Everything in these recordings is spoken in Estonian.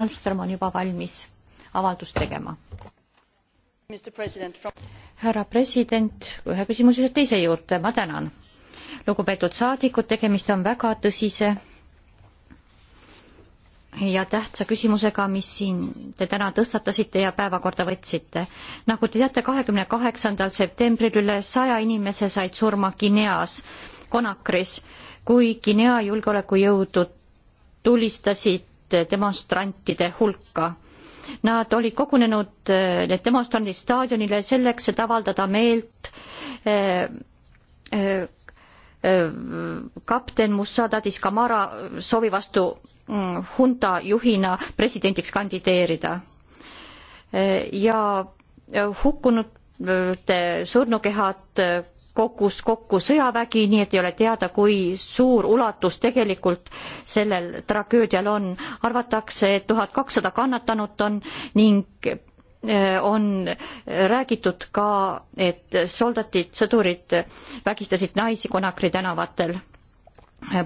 Malmström on juba valmis avaldust tegema. härra president, ühe küsimusele teise juurde, ma tänan. lugupeetud saadikud, tegemist on väga tõsise ja tähtsa küsimusega, mis siin te täna tõstatasite ja päevakorda võtsite. nagu te teate, kahekümne kaheksandal septembril üle saja inimese said surma Guineas, Konakris, kui Guinea julgeolekujõudud tulistasid demonstrantide hulka. Nad olid kogunenud, need demonstrandid staadionile selleks, et avaldada meelt eh, eh, eh, kapten Mussadadis Kamara soovi vastu mm, hunta juhina presidendiks kandideerida. ja hukkunute surnukehad kogus kokku sõjavägi, nii et ei ole teada, kui suur ulatus tegelikult sellel tragöödial on. arvatakse, et tuhat kakssada kannatanut on ning eh, on räägitud ka, et soldatid, sõdurid vägistasid naisi Konakri tänavatel.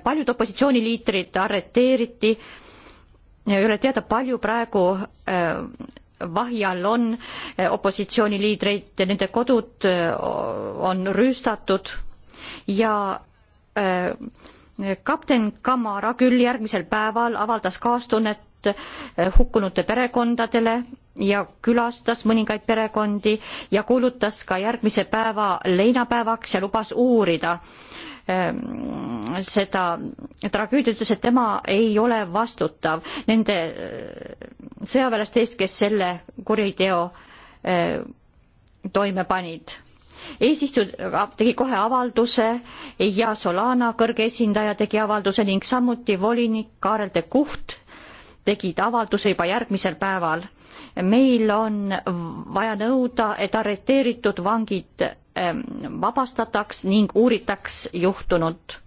paljud opositsiooniliitrid arreteeriti, ei ole teada, palju praegu eh, vahi all on eh, opositsiooniliidreid, nende kodud eh, on rüüstatud ja eh, kapten Kamara küll järgmisel päeval avaldas kaastunnet hukkunute perekondadele ja külastas mõningaid perekondi ja kuulutas ka järgmise päeva leinapäevaks ja lubas uurida äh, Ähm, seda tragöödiat, ütles, et tema ei ole vastutav nende äh, sõjaväelaste eest, kes selle kuriteo äh, toime panid eesistuja tegi kohe avalduse ja Solana kõrge esindaja tegi avalduse ning samuti volinik Kaarel de Kuht tegid avalduse juba järgmisel päeval. meil on vaja nõuda, et arreteeritud vangid Ähm, vabastataks ning uuritaks juhtunut.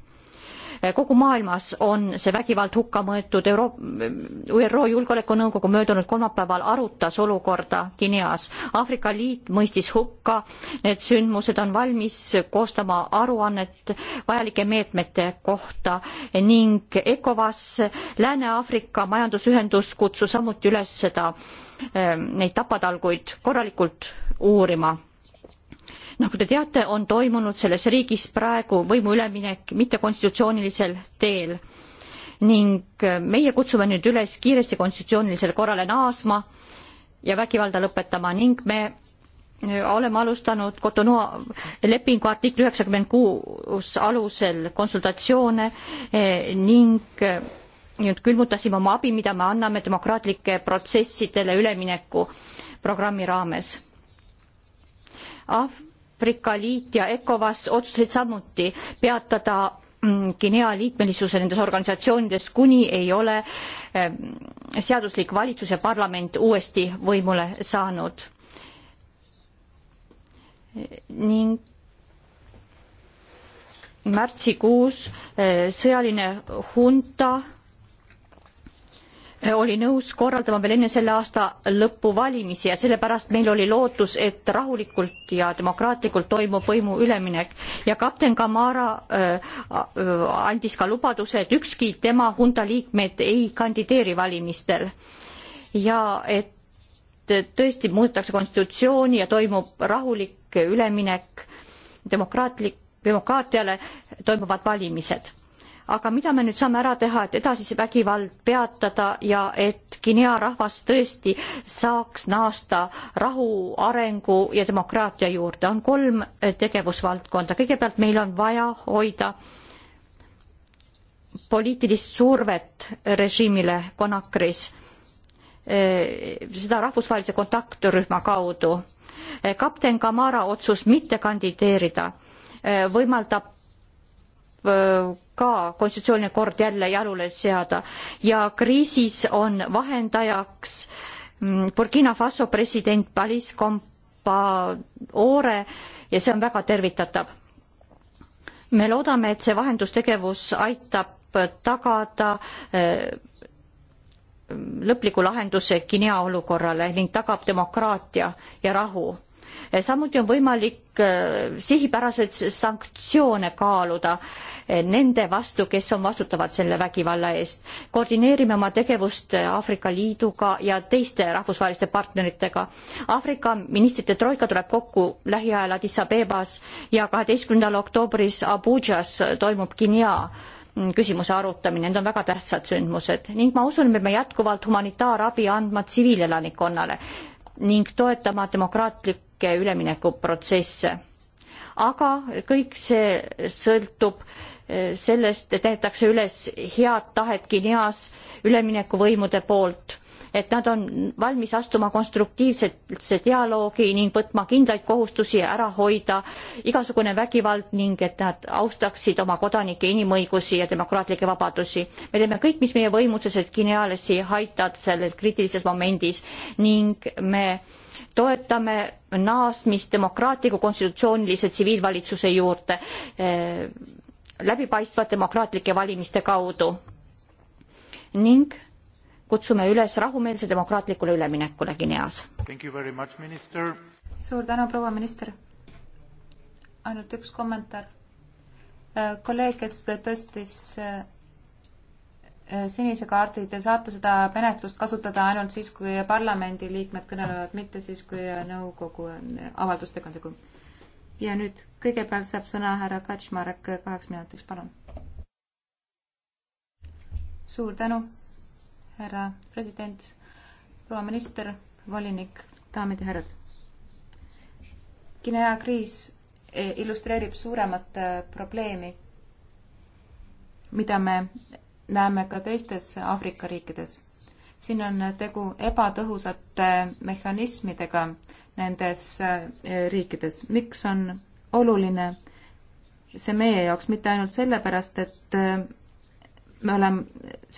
Äh, kogu maailmas on see vägivald hukka mõõtud, Euro-, äh, ÜRO Julgeolekunõukogu möödunud kolmapäeval arutas olukorda Guineas. Aafrika Liit mõistis hukka, need sündmused on valmis koostama aruannet vajalike meetmete kohta ning ECOWAS, Lääne-Aafrika Majandusühendus kutsus samuti üles seda, ähm, neid tapatalguid korralikult uurima nagu te teate, on toimunud selles riigis praegu võimu üleminek mittekonstitutsioonilisel teel ning äh, meie kutsume nüüd üles kiiresti konstitutsioonilisele korrale naasma ja vägivalda lõpetama ning me äh, oleme alustanud Cotonou lepingu artikli üheksakümmend kuus alusel konsultatsioone äh, ning nüüd külmutasime oma abi, mida me anname demokraatlike protsessidele ülemineku programmi raames Af. Aafrika Liit ja ECOWAS otsustasid samuti peatada mm, Guinea liikmelisuse nendes organisatsioonides, kuni ei ole ehm, seaduslik valitsus ja parlament uuesti võimule saanud. ning märtsikuus eh, sõjaline hunta oli nõus korraldama veel enne selle aasta lõppu valimisi ja sellepärast meil oli lootus, et rahulikult ja demokraatlikult toimub võimu üleminek ja kapten Kamara äh, äh, andis ka lubaduse, et ükski tema hunta liikmed ei kandideeri valimistel ja et tõesti muudetakse konstitutsiooni ja toimub rahulik üleminek demokraatlik, demokraatiale, toimuvad valimised aga mida me nüüd saame ära teha, et edasise vägivald peatada ja et Guinea rahvas tõesti saaks naasta rahu, arengu ja demokraatia juurde, on kolm eh, tegevusvaldkonda. kõigepealt meil on vaja hoida poliitilist survet režiimile Konakris, eh, seda rahvusvahelise kontaktrühma kaudu. Eh, kapten Kamara otsus mitte kandideerida võimaldab Äh, ka konstitutsiooniline kord jälle jalule seada ja kriisis on vahendajaks mm, Burkina Faso president Balis Compaore ja see on väga tervitatav. me loodame, et see vahendustegevus aitab tagada äh, lõpliku lahenduse Guinea olukorrale ning tagab demokraatia ja rahu. samuti on võimalik äh, sihipäraselt sanktsioone kaaluda nende vastu, kes on vastutavad selle vägivalla eest. koordineerime oma tegevust Aafrika Liiduga ja teiste rahvusvaheliste partneritega. Aafrika ministrite troika tuleb kokku lähiajal Addis Abebas ja kaheteistkümnendal oktoobris Abujas toimub Guinea küsimuse arutamine, need on väga tähtsad sündmused ning ma usun, et me peame jätkuvalt humanitaarabi andma tsiviilelanikkonnale ning toetama demokraatlikke üleminekuprotsesse. aga kõik see sõltub äh, sellest, et täidetakse üles head tahet Guineas üleminekuvõimude poolt, et nad on valmis astuma konstruktiivsesse dialoogi ning võtma kindlaid kohustusi ära hoida igasugune vägivald ning et nad austaksid oma kodanike inimõigusi ja demokraatlikke vabadusi. me teeme kõik, mis meie võimuses, et Guinealasi aitada selles kriitilises momendis ning me toetame naasmist demokraatliku konstitutsioonilise tsiviilvalitsuse juurde läbipaistvat demokraatlike valimiste kaudu ning kutsume üles rahumeelse demokraatlikule üleminekule Guineas. suur tänu, proua minister. ainult üks kommentaar. Äh, kolleeg, kes tõstis äh, sinise kaardi, te saate seda menetlust kasutada ainult siis, kui parlamendiliikmed kõnelevad, mitte siis, kui nõukogu äh, avaldustega on tegu ja nüüd kõigepealt saab sõna härra Kaczmarek kaheks minutiks, palun. suur tänu, härra president, proua minister, volinik, daamid ja härrad. Guinea kriis eh, illustreerib suuremat eh, probleemi, mida me näeme ka teistes Aafrika riikides. siin on tegu ebatõhusate mehhanismidega nendes äh, riikides. miks on oluline see meie jaoks, mitte ainult sellepärast, et äh, me oleme,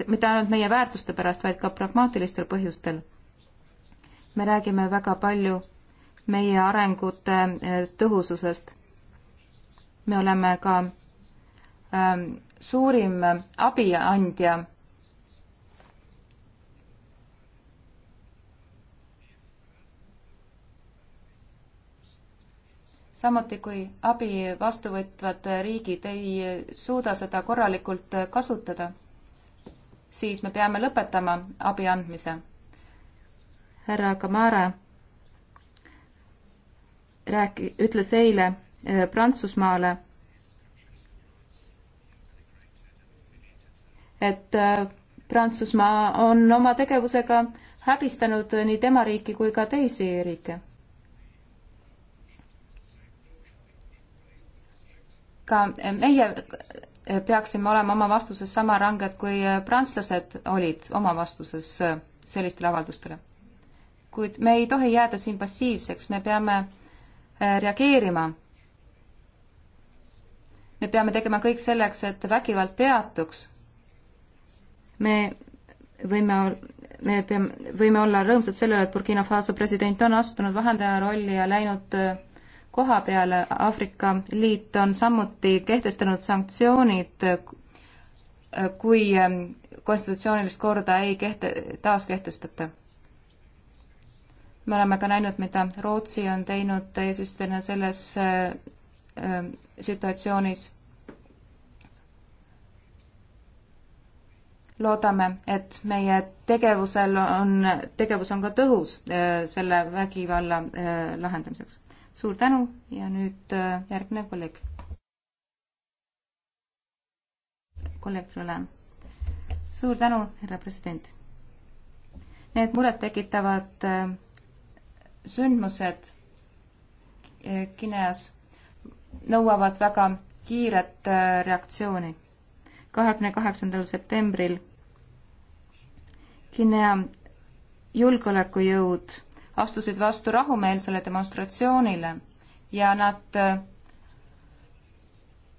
mitte ainult meie väärtuste pärast, vaid ka pragmaatilistel põhjustel. me räägime väga palju meie arengute äh, tõhususest. me oleme ka ähm, suurim abiandja samuti kui abi vastuvõtvad riigid ei suuda seda korralikult kasutada, siis me peame lõpetama abi andmise. härra Kamara rääki-, ütles eile eh, Prantsusmaale, et eh, Prantsusmaa on oma tegevusega häbistanud nii tema riiki kui ka teisi riike ka meie peaksime olema oma vastuses sama ranged, kui prantslased olid oma vastuses sellistele avaldustele. kuid me ei tohi jääda siin passiivseks, me peame äh, reageerima. me peame tegema kõik selleks, et vägivald peatuks. me võime, me peame, võime olla rõõmsad selle üle, et Burkina Faso president on astunud vahendaja rolli ja läinud äh, koha peale. Aafrika Liit on samuti kehtestanud sanktsioonid, kui ähm, konstitutsioonilist korda ei kehte-, taaskehtestata. me oleme ka näinud, mida Rootsi on teinud eesistujana selles ähm, situatsioonis loodame, et meie tegevusel on, tegevus on ka tõhus äh, selle vägivalla äh, lahendamiseks suur tänu ja nüüd äh, järgmine kolleeg. kolleeg Trõlen. suur tänu, härra president. Need murettekitavad äh, sündmused äh, Guineas nõuavad väga kiiret reaktsiooni. kahekümne kaheksandal septembril Guinea julgeolekujõud astusid vastu rahumeelsele demonstratsioonile ja nad äh,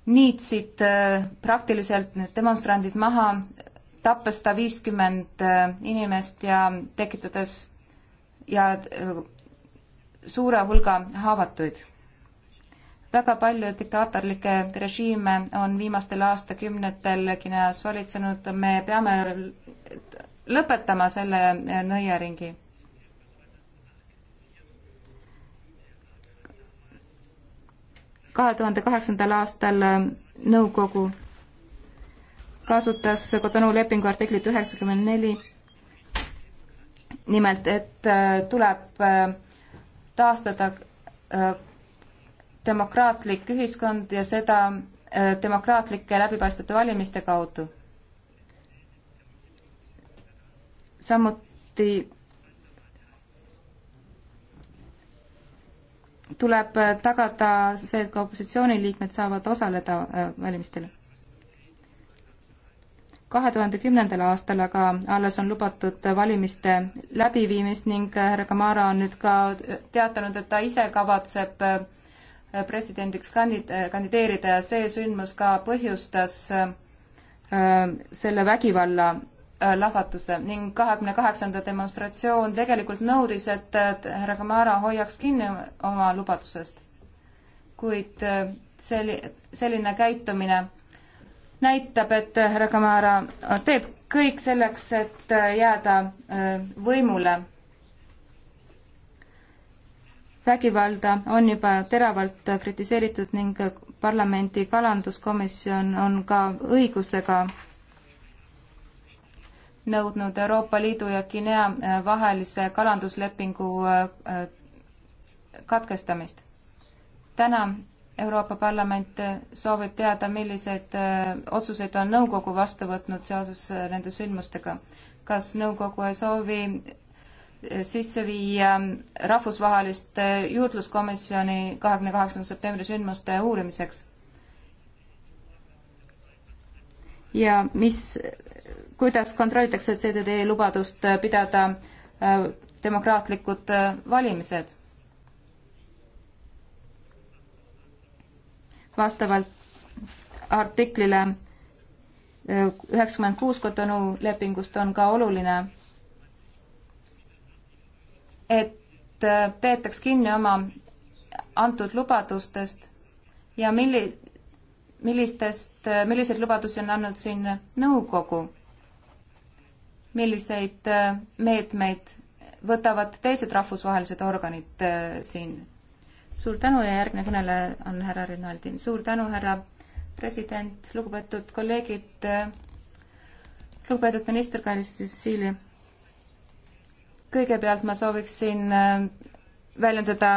niitsid äh, praktiliselt need demonstrandid maha, tappes sada viiskümmend äh, inimest ja tekitades ja suure hulga haavatuid. väga palju diktaatorlikke režiime on viimastel aastakümnetel Guineas valitsenud, me peame lõpetama selle nõiaringi kahe tuhande kaheksandal aastal äh, nõukogu kasutas Cotonou lepingu artiklit üheksakümmend neli nimelt, et äh, tuleb äh, taastada demokraatlik ühiskond ja seda demokraatlike läbipaistvate valimiste kaudu. samuti tuleb tagada see, et ka opositsiooniliikmed saavad osaleda äh, valimistel. kahe tuhande kümnendal aastal aga alles on lubatud valimiste läbiviimist ning härra Kamara on nüüd ka teatanud, et ta ise kavatseb äh, presidendiks kandid-, äh, kandideerida ja see sündmus ka põhjustas selle vägivalla Äh, lahvatuse ning kahekümne kaheksanda demonstratsioon tegelikult nõudis, et härra Kamara hoiaks kinni oma lubadusest. kuid äh, selli-, selline käitumine näitab, et härra Kamara teeb kõik selleks, et äh, jääda võimule. vägivalda on juba teravalt kritiseeritud ning parlamendi kalanduskomisjon on ka õigusega nõudnud Euroopa Liidu ja Guinea äh, vahelise kalanduslepingu äh, äh, katkestamist. täna Euroopa Parlament soovib teada, millised otsuseid on nõukogu vastu võtnud seoses nende sündmustega. kas nõukogu ei soovi sisse viia rahvusvahelist juurdluskomisjoni kahekümne kaheksanda septembri sündmuste uurimiseks? ja mis kuidas kontrollitakse CDD lubadust pidada äh, demokraatlikud äh, valimised? vastavalt artiklile äh, üheksakümmend kuus Cotonou lepingust on ka oluline, et peetaks kinni oma antud lubadustest ja milli-, millistest, milliseid lubadusi on andnud siin nõukogu milliseid äh, meetmeid võtavad teised rahvusvahelised organid äh, siin. suur tänu ja järgmine kõneleja on härra Rinaldin. suur tänu, härra president, lugupeetud kolleegid, äh, lugupeetud minister Kallis Siili. kõigepealt ma sooviksin väljendada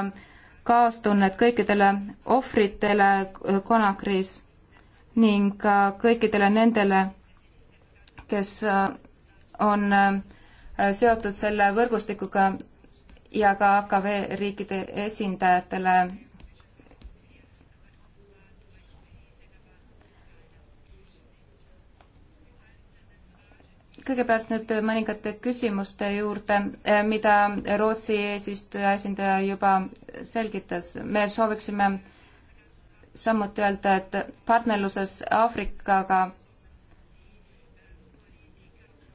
kaastunnet kõikidele ohvritele Konakris ning ka kõikidele nendele, kes on äh, seotud selle võrgustikuga ja ka AKV riikide esindajatele kõigepealt nüüd mõningate küsimuste juurde, äh, mida Rootsi eesistuja esindaja juba selgitas. me sooviksime samuti öelda, et partnerluses Aafrikaga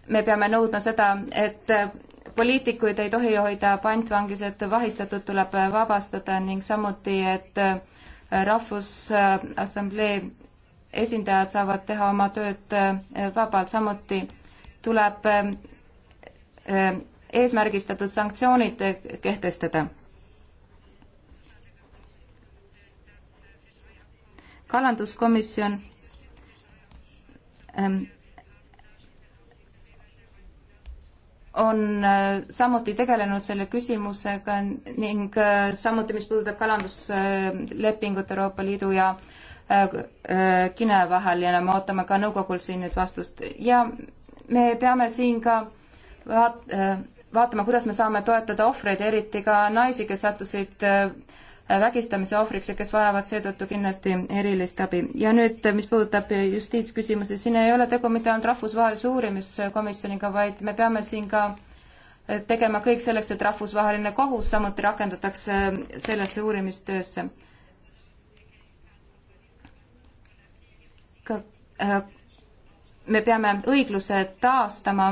me peame nõudma seda, et poliitikuid ei tohi hoida pantvangis, et vahistatud tuleb vabastada ning samuti, et Rahvusassamblee esindajad saavad teha oma tööd vabalt, samuti tuleb eh, eesmärgistatud sanktsioonid kehtestada. kalanduskomisjon ähm, on äh, samuti tegelenud selle küsimusega ning äh, samuti, mis puudutab kalanduslepingut Euroopa Liidu ja Kine äh, vahel ja me ootame ka nõukogul siin nüüd vastust ja me peame siin ka vaat-, vaatama, kuidas me saame toetada ohvreid, eriti ka naisi, kes sattusid äh, vägistamise ohvriks ja kes vajavad seetõttu kindlasti erilist abi. ja nüüd, mis puudutab justiitsküsimusi, siin ei ole tegu mitte ainult rahvusvahelise uurimiskomisjoniga, vaid me peame siin ka tegema kõik selleks, et rahvusvaheline kohus samuti rakendatakse sellesse uurimistöösse. ka äh, me peame õigluse taastama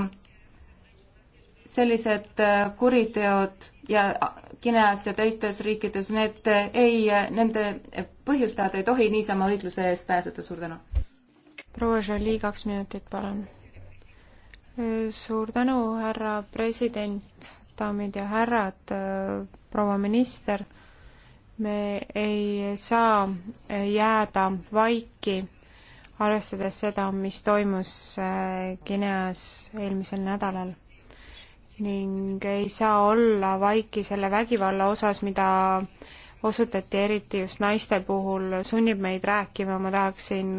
sellised äh, kuriteod ja Guineas ja teistes riikides, need äh, ei, nende põhjustajad ei tohi niisama õigluse eest pääseda, suur tänu. proua Jolie, kaks minutit, palun. Äh, suur tänu, härra president, daamid ja härrad, proua minister, me ei saa jääda vaiki, arvestades seda, mis toimus Guineas eelmisel nädalal ning ei saa olla vaiki selle vägivalla osas, mida osutati eriti just naiste puhul, sunnib meid rääkima, ma tahaksin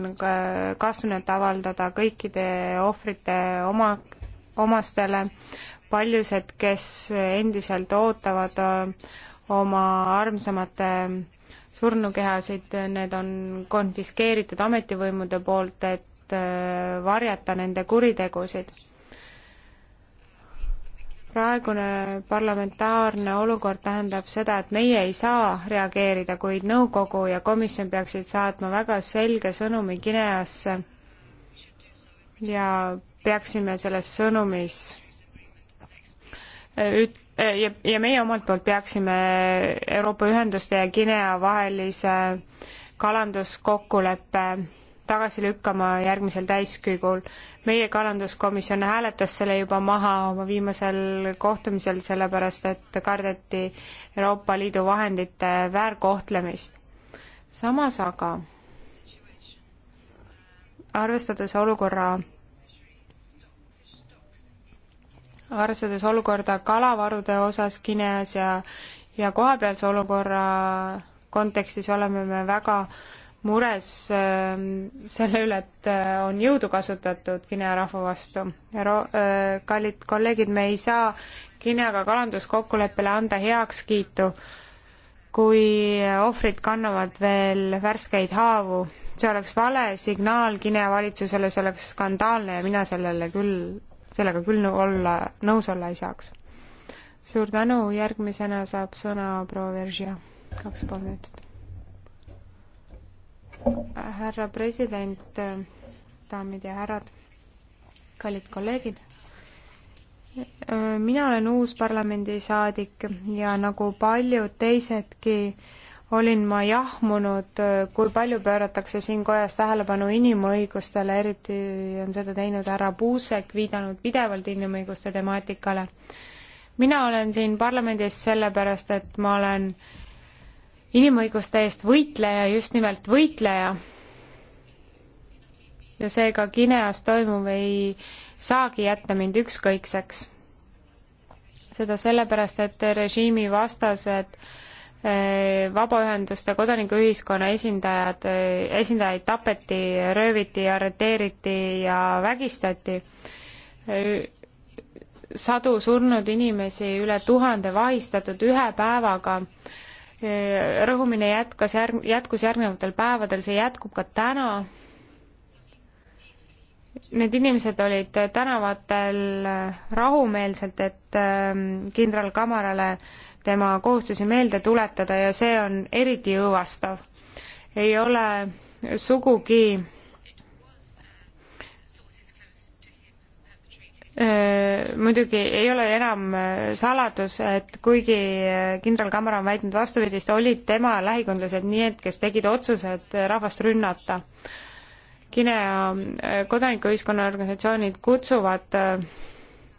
kaastunnet avaldada kõikide ohvrite oma, omastele, paljused, kes endiselt ootavad äh, oma armsamate surnukehasid, need on konfiskeeritud ametivõimude poolt, et äh, varjata nende kuritegusid praegune parlamentaarne olukord tähendab seda, et meie ei saa reageerida, kuid nõukogu ja komisjon peaksid saatma väga selge sõnumi Guineasse ja peaksime selles sõnumis äh, üt-, äh, ja, ja meie omalt poolt peaksime Euroopa Ühenduste ja Guinea vahelise kalanduskokkuleppe tagasi lükkama järgmisel täiskõigul. meie kalanduskomisjon hääletas selle juba maha oma viimasel kohtumisel, sellepärast et kardeti Euroopa Liidu vahendite väärkohtlemist. samas aga arvestades olukorra arvestades olukorda kalavarude osas Guineas ja, ja kohapealse olukorra kontekstis oleme me väga mures ähm, selle üle, et äh, on jõudu kasutatud Guinea rahva vastu. Äh, kallid kolleegid, me ei saa Guineaga kalanduskokkuleppele anda heakskiitu, kui ohvrid kannavad veel värskeid haavu. see oleks vale signaal Guinea valitsusele, see oleks skandaalne ja mina sellele küll, sellega küll olla, nõus olla ei saaks. suur tänu, järgmisena saab sõna proua Veržia, kaks pool minutit härra president, daamid ja härrad, kallid kolleegid. mina olen uus parlamendisaadik ja nagu paljud teisedki olin ma jahmunud, kui palju pööratakse siin kojas tähelepanu inimõigustele, eriti on seda teinud härra Puusek, viidanud pidevalt inimõiguste temaatikale. mina olen siin parlamendis sellepärast, et ma olen äh, inimõiguste eest võitleja, just nimelt võitleja. ja seega Guineas toimuv ei saagi jätta mind ükskõikseks. seda sellepärast, et režiimi vastased eh, vabaühenduste, kodanikuühiskonna esindajad, eh, esindajaid tapeti, rööviti, arreteeriti ja vägistati. Eh, sadu surnud inimesi, üle tuhande vahistatud ühe päevaga Äh, rõhumine jätkas järg-, jätkus järgnevatel päevadel, see jätkub ka täna. Need inimesed olid tänavatel rahumeelselt, et ähm, kindral Kamarale tema kohustusi meelde tuletada ja see on eriti õõvastav. ei ole sugugi muidugi ei ole enam saladus, et kuigi kindral Kamara on väitnud vastupidist, olid tema lähikondlased need, kes tegid otsused rahvast rünnata. Guinea kodanikuühiskonna organisatsioonid kutsuvad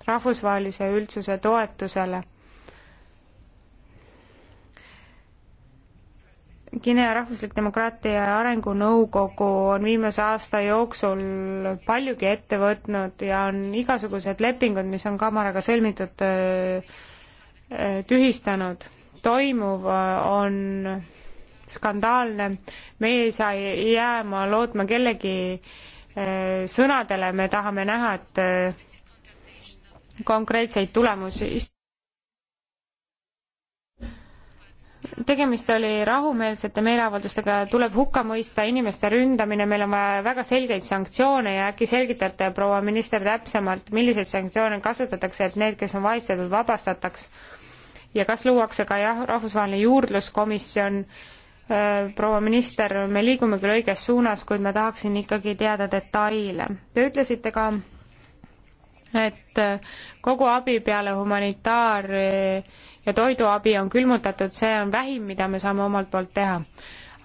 rahvusvahelise üldsuse toetusele Guinea Rahvuslik Demokraatia Arengunõukogu on viimase aasta jooksul paljugi ette võtnud ja on igasugused lepingud, mis on Kamaraga sõlmitud, tühistanud. toimuv on skandaalne, meie ei saa jääma lootma kellegi sõnadele, me tahame näha, et konkreetseid tulemusi tegemist oli rahumeelsete meeleavaldustega, tuleb hukka mõista inimeste ründamine, meil on vaja väga selgeid sanktsioone ja äkki selgitate, proua minister, täpsemalt, milliseid sanktsioone kasutatakse, et need, kes on vahistatud, vabastataks ja kas luuakse ka jah, rahvusvaheline juurdluskomisjon, äh, proua minister, me liigume küll õiges suunas, kuid ma tahaksin ikkagi teada detaile. Te ütlesite ka, et kogu abi peale humanitaar ja toiduabi on külmutatud, see on vähim, mida me saame omalt poolt teha.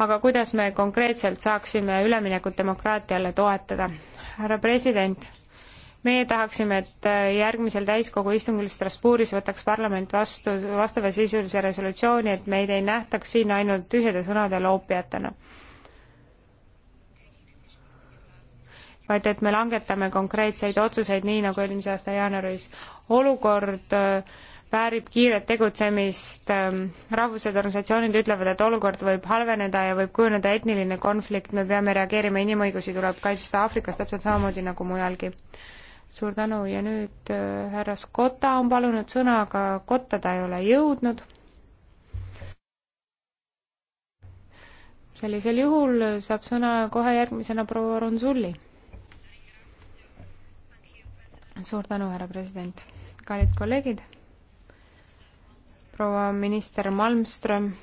aga kuidas me konkreetselt saaksime üleminekut demokraatiale toetada? härra president, meie tahaksime, et järgmisel täiskogu istungil Strasbourgis võtaks parlament vastu vastavasisulise resolutsiooni, et meid ei nähtaks siin ainult tühjade sõnade loopijatena no vaid et me langetame konkreetseid otsuseid, nii nagu eelmise aasta jaanuaris. olukord äh, väärib kiiret tegutsemist, ähm, rahvused, organisatsioonid ütlevad, et olukord võib halveneda ja võib kujuneda etniline konflikt, me peame reageerima, inimõigusi tuleb kaitsta Aafrikas täpselt samamoodi nagu mujalgi. suur tänu ja nüüd äh, härra Skotta on palunud sõna, aga kotta ta ei ole jõudnud sellisel juhul saab sõna kohe järgmisena proua Ronsulli suur tänu, härra president. kallid kolleegid, proua minister Malmström,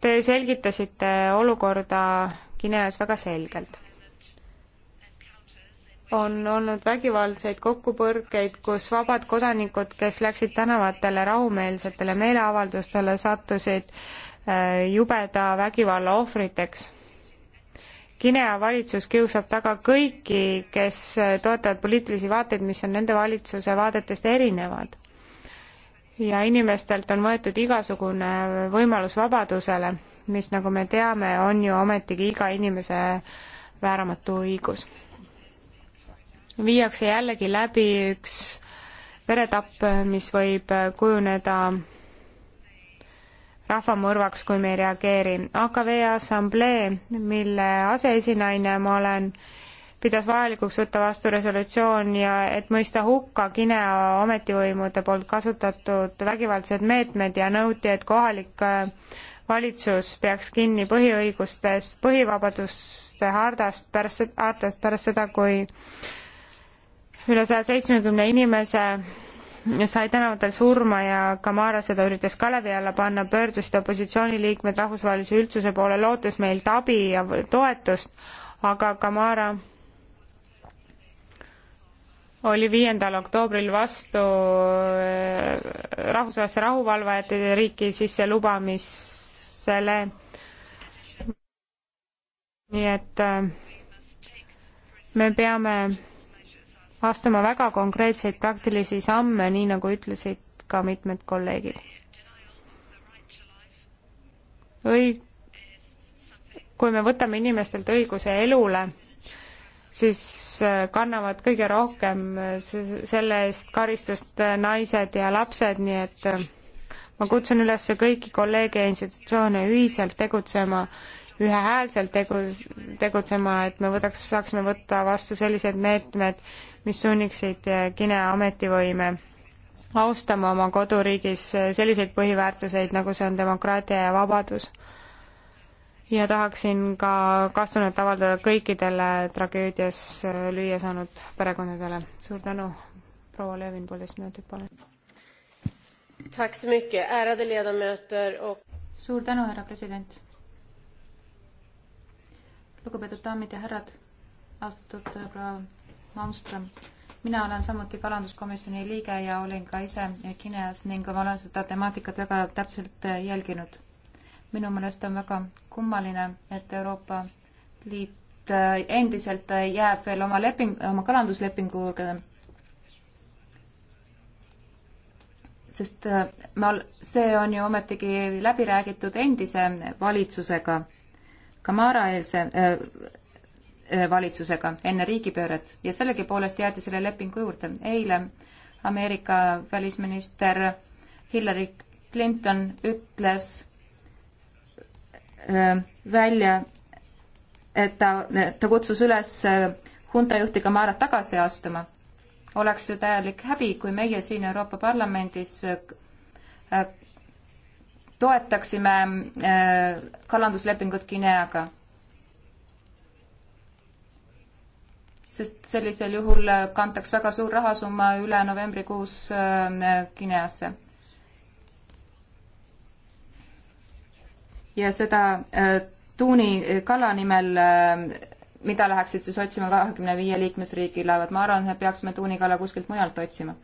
te selgitasite olukorda Guineas väga selgelt. on olnud vägivaldseid kokkupõrkeid, kus vabad kodanikud, kes läksid tänavatele rahumeelsetele meeleavaldustele, sattusid äh, jubeda vägivalla ohvriteks Guinea valitsus kiusab taga kõiki, kes toetavad poliitilisi vaateid, mis on nende valitsuse vaadetest erinevad. ja inimestelt on võetud igasugune võimalus vabadusele, mis, nagu me teame, on ju ometigi iga inimese vääramatu õigus. viiakse jällegi läbi üks veretapp, mis võib kujuneda rahvamõrvaks, kui me ei reageeri. AKV Assamblee, mille aseesinaine ma olen, pidas vajalikuks võtta vastu resolutsioon ja et mõista hukka Guinea ametivõimude poolt kasutatud vägivaldsed meetmed ja nõuti, et kohalik äh, valitsus peaks kinni põhiõigustest, põhivabaduste hardast pärast, hartast pärast seda, kui üle saja seitsmekümne inimese sai tänavatel surma ja Kamara seda üritas kalevi alla panna, pöördusid opositsiooniliikmed rahvusvahelise üldsuse poole, lootes meilt abi ja toetust, aga Kamara oli viiendal oktoobril vastu äh, rahvusvahelise rahuvalvajate riiki sisse lubamisele. nii et äh, me peame astuma väga konkreetseid praktilisi samme, nii nagu ütlesid ka mitmed kolleegid. õi-, kui me võtame inimestelt õiguse elule, siis äh, kannavad kõige rohkem äh, selle eest karistust äh, naised ja lapsed, nii et ma kutsun üles kõiki kolleege ja institutsioone ühiselt tegutsema ühehäälselt tegus, tegutsema, et me võtaks, saaksime võtta vastu sellised meetmed, mis sunniksid Guinea ametivõime austama oma koduriigis selliseid põhiväärtuseid, nagu see on demokraatia ja vabadus. ja tahaksin ka kastunud avaldada kõikidele tragöödias lüüa saanud perekondadele. suur tänu, proua Lövin, poolteist minutit, palun. suur tänu, härra president lugupeetud daamid ja härrad, austatud äh, proua Malmström. mina olen samuti kalanduskomisjoni liige ja olin ka ise Guineas ning ma olen seda temaatikat väga täpselt äh, jälginud. minu meelest on väga kummaline, et Euroopa Liit äh, endiselt jääb veel oma leping, oma kalanduslepingu juurde sest ma, see on ju ometigi läbi räägitud endise valitsusega Kamara-eelse valitsusega enne riigipööret ja sellegipoolest jäädi selle lepingu juurde. eile Ameerika välisminister Hillary Clinton ütles välja, et ta, ta kutsus üles hunta juhti Kamarat tagasi astuma. oleks ju täielik häbi, kui meie siin Euroopa Parlamendis toetaksime äh, kalanduslepingut Guineaga. sest sellisel juhul kantaks väga suur rahasumma üle novembrikuus äh, Guineasse. ja seda äh, tuuni kala nimel, mida läheksid siis otsima kahekümne viie liikmesriigi laevad, ma arvan, et me peaksime tuunikala kuskilt mujalt otsima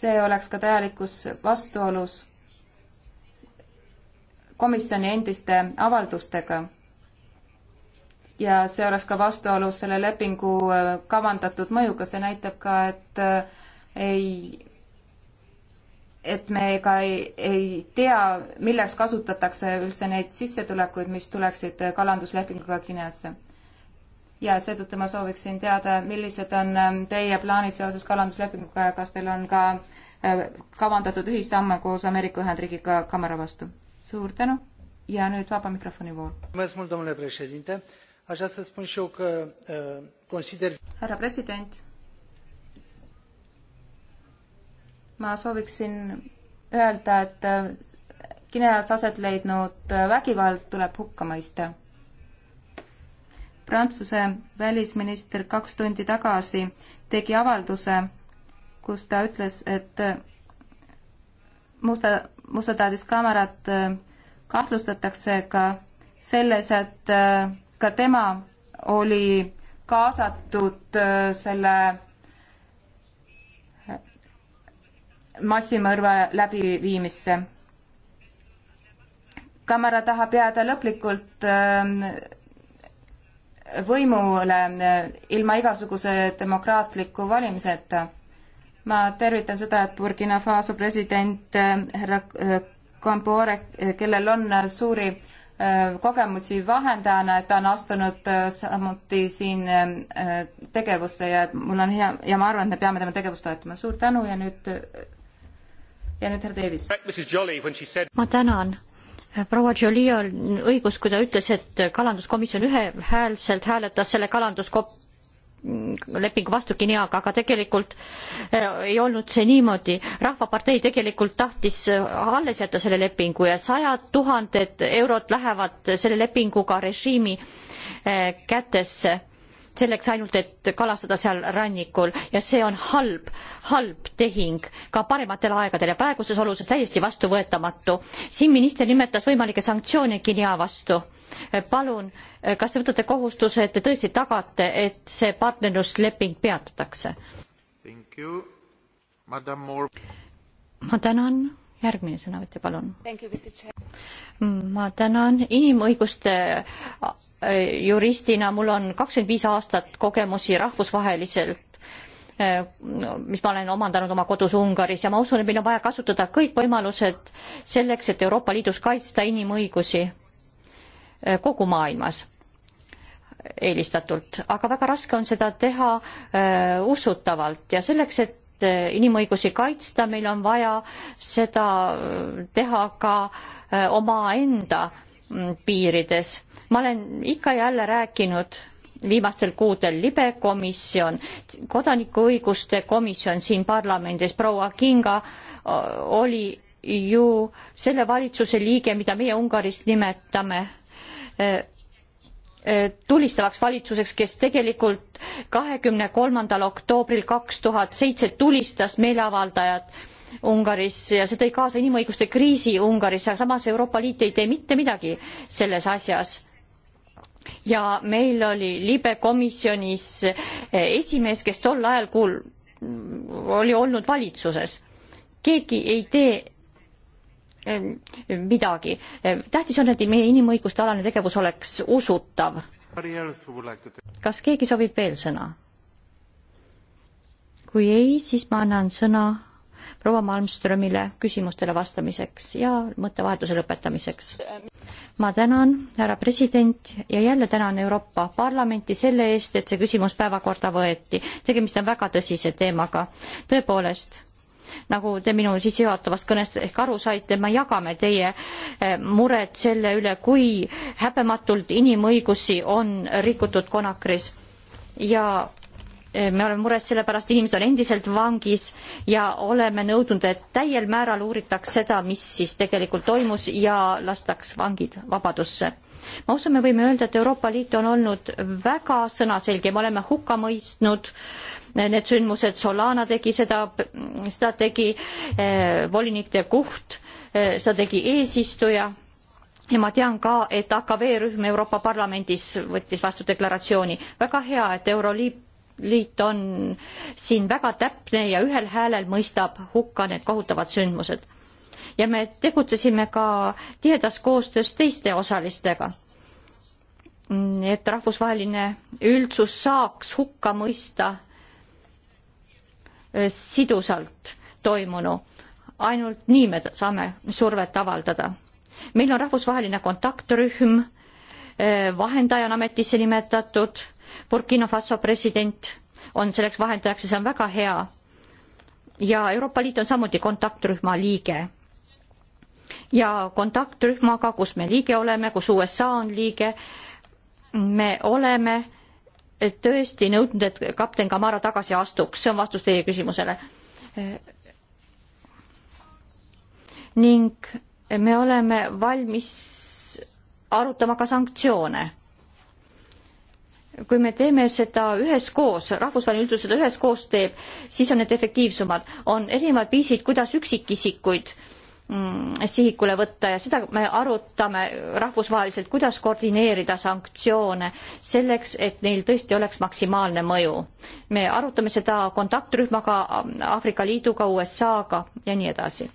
see oleks ka täielikus vastuolus komisjoni endiste avaldustega. ja see oleks ka vastuolus selle lepingu äh, kavandatud mõjuga, see näitab ka, et äh, ei, et me ka ei, ei tea, milleks kasutatakse üldse neid sissetulekuid, mis tuleksid kalanduslepinguga Guineasse ja seetõttu ma sooviksin teada, millised on ähm, teie plaanid seoses kalanduslepinguga ja kas teil on ka äh, kavandatud ühissamme koos Ameerika Ühendriigiga kaamera vastu? suur tänu ja nüüd vaba mikrofoni voor. Äh, härra president, ma sooviksin öelda, et äh, Guineas aset leidnud vägivald tuleb hukka mõista Prantsuse välisminister kaks tundi tagasi tegi avalduse, kus ta ütles, et musta, mustataadis kaamerat äh, kahtlustatakse ka selles, et äh, ka tema oli kaasatud äh, selle massimõrva läbiviimisse. kamera tahab jääda lõplikult võimule eh, ilma igasuguse demokraatliku valimiseta. ma tervitan seda, et Burkina Faso president eh, härra eh, Kambore, kellel on suuri kogemusi vahendajana, et ta on astunud samuti siin tegevusse ja et mul on hea ja ma arvan, et me peame tema tegevust toetama. suur tänu ja nüüd, ja nüüd härra Davis. ma tänan proua Jolie on õigus, kui ta ütles, et kalanduskomisjon ühehäälselt hääletas selle kalanduskop-, lepingu vastu Guineaga, aga tegelikult eh, ei olnud see niimoodi. rahvapartei tegelikult tahtis eh, alles jätta selle lepingu ja sajad tuhanded eurod lähevad selle lepinguga režiimi eh, kätesse selleks ainult, et kalastada seal rannikul ja see on halb, halb tehing ka parematel aegadel ja praeguses oludes täiesti vastuvõetamatu. siin minister nimetas võimalikke sanktsioone Guinea vastu. palun, kas te võtate kohustuse, et te tõesti tagate, et see partnerlusleping peatatakse? ma tänan järgmine sõnavõtja, palun. ma tänan inimõiguste äh, juristina, mul on kakskümmend viis aastat kogemusi rahvusvaheliselt äh, mis ma olen omandanud oma kodus Ungaris ja ma usun, et meil on vaja kasutada kõik võimalused selleks, et Euroopa Liidus kaitsta inimõigusi äh, kogu maailmas eelistatult, aga väga raske on seda teha äh, usutavalt ja selleks, et et eh, inimõigusi kaitsta, meil on vaja seda eh, teha ka eh, omaenda mm, piirides. ma olen ikka ja jälle rääkinud viimastel kuudel libe komisjon, kodanikuõiguste komisjon siin parlamendis, proua Kinga oli ju selle valitsuse liige, mida meie Ungaris nimetame Eh, tulistavaks valitsuseks, kes tegelikult kahekümne kolmandal oktoobril kaks tuhat seitse tulistas meeleavaldajad Ungaris ja see tõi kaasa inimõiguste kriisi Ungaris, aga samas Euroopa Liit ei tee mitte midagi selles asjas. ja meil oli libe komisjonis eh, esimees, kes tol ajal kuul-, oli olnud valitsuses. keegi ei tee midagi. tähtis on, et meie inimõiguste alane tegevus oleks usutav. kas keegi soovib veel sõna? kui ei, siis ma annan sõna proua Malmströmile küsimustele vastamiseks ja mõttevahetuse lõpetamiseks. ma tänan, härra president, ja jälle tänan Euroopa Parlamenti selle eest, et see küsimus päevakorda võeti. tegemist on väga tõsise teemaga. tõepoolest nagu te minu sissejuhatavast kõnest ehk aru saite, me jagame teie eh, muret selle üle, kui häbematult inimõigusi on rikutud Konakris ja eh, me oleme mures sellepärast, inimesed on endiselt vangis ja oleme nõudnud, et täiel määral uuritaks seda, mis siis tegelikult toimus ja lastaks vangid vabadusse. ma usun, me võime öelda, et Euroopa Liit on olnud väga sõnaselge, me oleme hukka mõistnud äh, need sündmused, Solana tegi seda, seda tegi eh, volinik De Gucht, eh, seda tegi eesistuja ja ma tean ka, et AKV rühm Euroopa Parlamendis võttis vastu deklaratsiooni. väga hea, et Euroliit liit on siin väga täpne ja ühel häälel mõistab hukka need kohutavad sündmused. ja me tegutsesime ka tihedas koostöös teiste osalistega. et rahvusvaheline üldsus saaks hukka mõista sidusalt toimunu. ainult nii me saame survet avaldada. meil on rahvusvaheline kontaktrühm, vahendaja on ametisse nimetatud, Burkina Faso president on selleks vahendajaks ja see on väga hea. ja Euroopa Liit on samuti kontaktrühma liige. ja kontaktrühmaga, kus me liige oleme, kus USA on liige, me oleme äh, tõesti nõudnud, et kapten Kamara tagasi astuks, see on vastus teie küsimusele. ning me oleme valmis arutama ka sanktsioone. kui me teeme seda üheskoos, rahvusvaheline üldsus seda üheskoos teeb, siis on need efektiivsemad. on erinevad viisid, kuidas üksikisikuid äh, Mm, sihikule võtta ja seda me arutame rahvusvaheliselt, kuidas koordineerida sanktsioone selleks, et neil tõesti oleks maksimaalne mõju. me arutame seda kontaktrühmaga, Aafrika Liiduga, USA-ga ja nii edasi.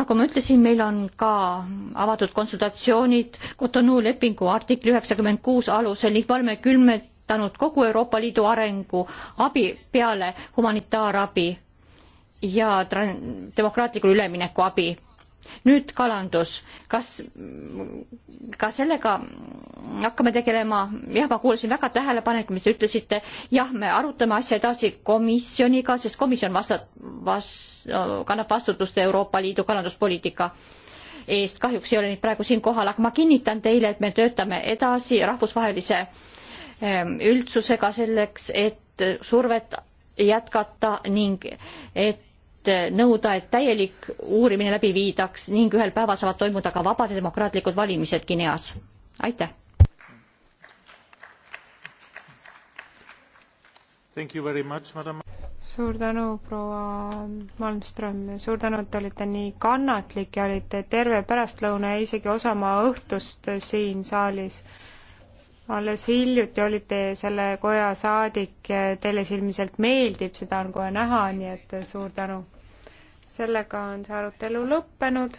nagu ma ütlesin, meil on ka avatud konsultatsioonid Cotonou lepingu artikli üheksakümmend kuus alusel ning me oleme külmetanud kogu Euroopa Liidu arengu abi peale humanitaarabi ja demokraatlikul ülemineku abi. nüüd kalandus, kas ka sellega hakkame tegelema, jah, ma kuulasin väga tähelepanelikult, mis te ütlesite, jah, me arutame asja edasi komisjoniga, sest komisjon vastab, vas-, kannab vastutust Euroopa Liidu kalanduspoliitika eest, kahjuks ei ole neid praegu siinkohal, aga ma kinnitan teile, et me töötame edasi rahvusvahelise ehm, üldsusega selleks, et survet jätkata ning et nõuda, et täielik uurimine läbi viidaks ning ühel päeval saavad toimuda ka vabad ja demokraatlikud valimised Guineas. aitäh! suur tänu, proua Malmström, suur tänu, et olite nii kannatlik ja olite terve pärastlõuna ja isegi osa oma õhtust siin saalis alles hiljuti olite selle koja saadik, teile see ilmselt meeldib, seda on kohe näha, nii et suur tänu. sellega on see arutelu lõppenud.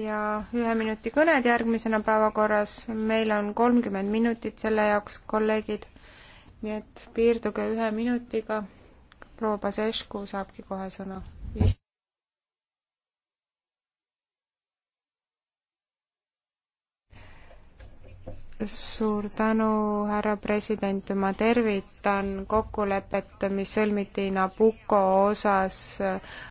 ja ühe minuti kõned järgmisena päevakorras, meil on kolmkümmend minutit selle jaoks, kolleegid. nii et piirduge ühe minutiga. proua Pasescu saabki kohe sõna. suur tänu, härra president, ma tervitan kokkulepet, mis sõlmiti Nabucco osas